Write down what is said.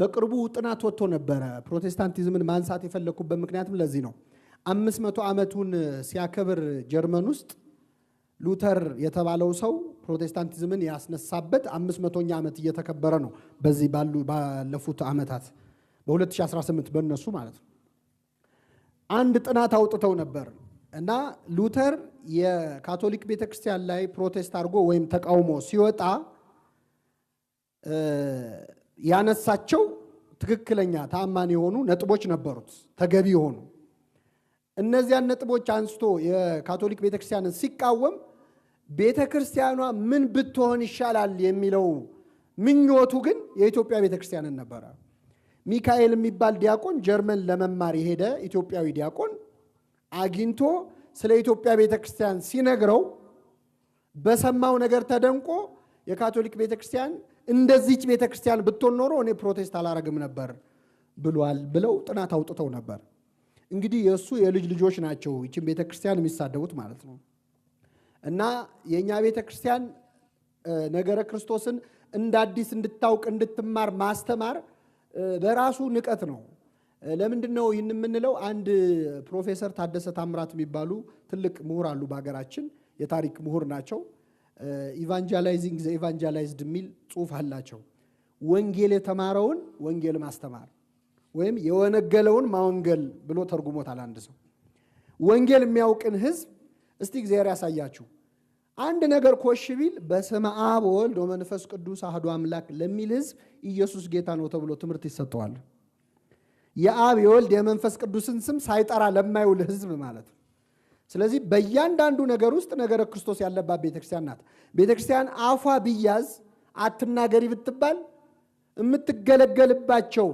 በቅርቡ ጥናት ወጥቶ ነበረ። ፕሮቴስታንቲዝምን ማንሳት የፈለግኩበት ምክንያትም ለዚህ ነው። አምስት መቶ ዓመቱን ሲያከብር ጀርመን ውስጥ ሉተር የተባለው ሰው ፕሮቴስታንቲዝምን ያስነሳበት አምስት መቶኛ ዓመት እየተከበረ ነው። በዚህ ባለፉት ዓመታት በ2018 በነሱ ማለት ነው። አንድ ጥናት አውጥተው ነበር እና ሉተር የካቶሊክ ቤተክርስቲያን ላይ ፕሮቴስት አድርጎ ወይም ተቃውሞ ሲወጣ ያነሳቸው ትክክለኛ ታማኝ የሆኑ ነጥቦች ነበሩት፣ ተገቢ የሆኑ እነዚያን ነጥቦች አንስቶ የካቶሊክ ቤተክርስቲያንን ሲቃወም ቤተክርስቲያኗ ምን ብትሆን ይሻላል የሚለው ምኞቱ ግን የኢትዮጵያ ቤተክርስቲያንን ነበረ። ሚካኤል የሚባል ዲያቆን ጀርመን ለመማር የሄደ ኢትዮጵያዊ ዲያቆን አግኝቶ ስለ ኢትዮጵያ ቤተክርስቲያን ሲነግረው በሰማው ነገር ተደንቆ የካቶሊክ ቤተክርስቲያን እንደዚች ቤተክርስቲያን ብትሆን ኖሮ እኔ ፕሮቴስት አላረግም ነበር ብሏል ብለው ጥናት አውጥተው ነበር። እንግዲህ የእሱ የልጅ ልጆች ናቸው ይችን ቤተክርስቲያን የሚሳደቡት ማለት ነው። እና የእኛ ቤተክርስቲያን ነገረ ክርስቶስን እንደ አዲስ እንድታውቅ እንድትማር ማስተማር በራሱ ንቀት ነው። ለምንድን ነው ይህን የምንለው? አንድ ፕሮፌሰር ታደሰ ታምራት የሚባሉ ትልቅ ምሁር አሉ በሀገራችን፣ የታሪክ ምሁር ናቸው። ኢቫንጀላይዚንግ ዘ ኢቫንጀላይዝድ የሚል ጽሁፍ አላቸው። ወንጌል የተማረውን ወንጌል ማስተማር ወይም የወነገለውን ማወንገል ብሎ ተርጉሞታል አንድ ሰው። ወንጌል የሚያውቅን ህዝብ እስቲ እግዚአብሔር ያሳያችሁ። አንድ ነገር ኮሽ ቢል በስመ አብ ወወልድ ወመንፈስ ቅዱስ አህዶ አምላክ ለሚል ህዝብ ኢየሱስ ጌታ ነው ተብሎ ትምህርት ይሰጠዋል። የአብ የወልድ የመንፈስ ቅዱስን ስም ሳይጠራ ለማይውል ህዝብ ማለት ነው። ስለዚህ በእያንዳንዱ ነገር ውስጥ ነገረ ክርስቶስ ያለባት ቤተክርስቲያን ናት። ቤተክርስቲያን አፏ ቢያዝ አትናገሪ ብትባል የምትገለገልባቸው